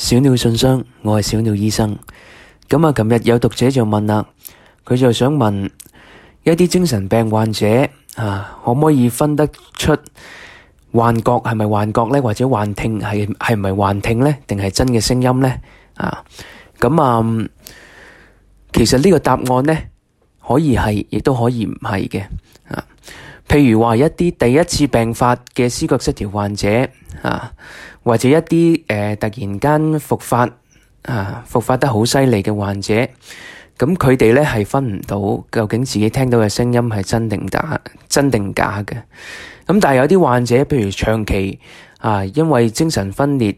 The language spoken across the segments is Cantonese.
小鳥信箱,我係小鳥醫生。咁啊,琴日有讀者就問啦,佢就想問,一啲精神病患者,可唔可以分得出,幻覺係咪幻覺呢?或者幻聽係唔係幻聽呢?定係真嘅聲音呢?咁啊,其實呢個答案呢,可以係,亦都可以唔係嘅。譬如話一啲第一次病發嘅思覺失調患者啊，或者一啲誒、呃、突然間復發啊，復發得好犀利嘅患者，咁佢哋咧係分唔到究竟自己聽到嘅聲音係真定假，真定假嘅。咁但係有啲患者，譬如長期啊，因為精神分裂，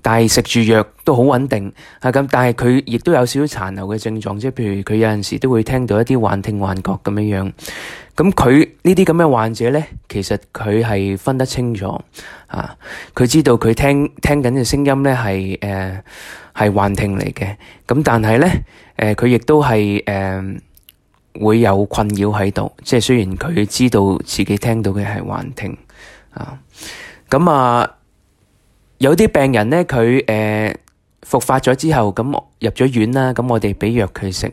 但係食住藥都好穩定啊咁，但係佢亦都有少少殘留嘅症狀，即係譬如佢有陣時都會聽到一啲幻聽幻覺咁樣樣。咁佢呢啲咁嘅患者咧，其實佢係分得清楚啊，佢知道佢聽聽緊嘅聲音咧係誒係幻聽嚟嘅，咁、呃、但係咧誒佢亦都係誒、呃、會有困擾喺度，即係雖然佢知道自己聽到嘅係幻聽啊，咁啊有啲病人咧佢誒復發咗之後，咁入咗院啦，咁我哋俾藥佢食。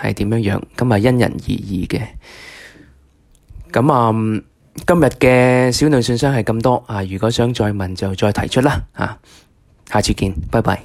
係點樣樣咁啊？因人而異嘅。咁啊，今日嘅小女信箱係咁多啊。如果想再問就再提出啦。啊，下次見，拜拜。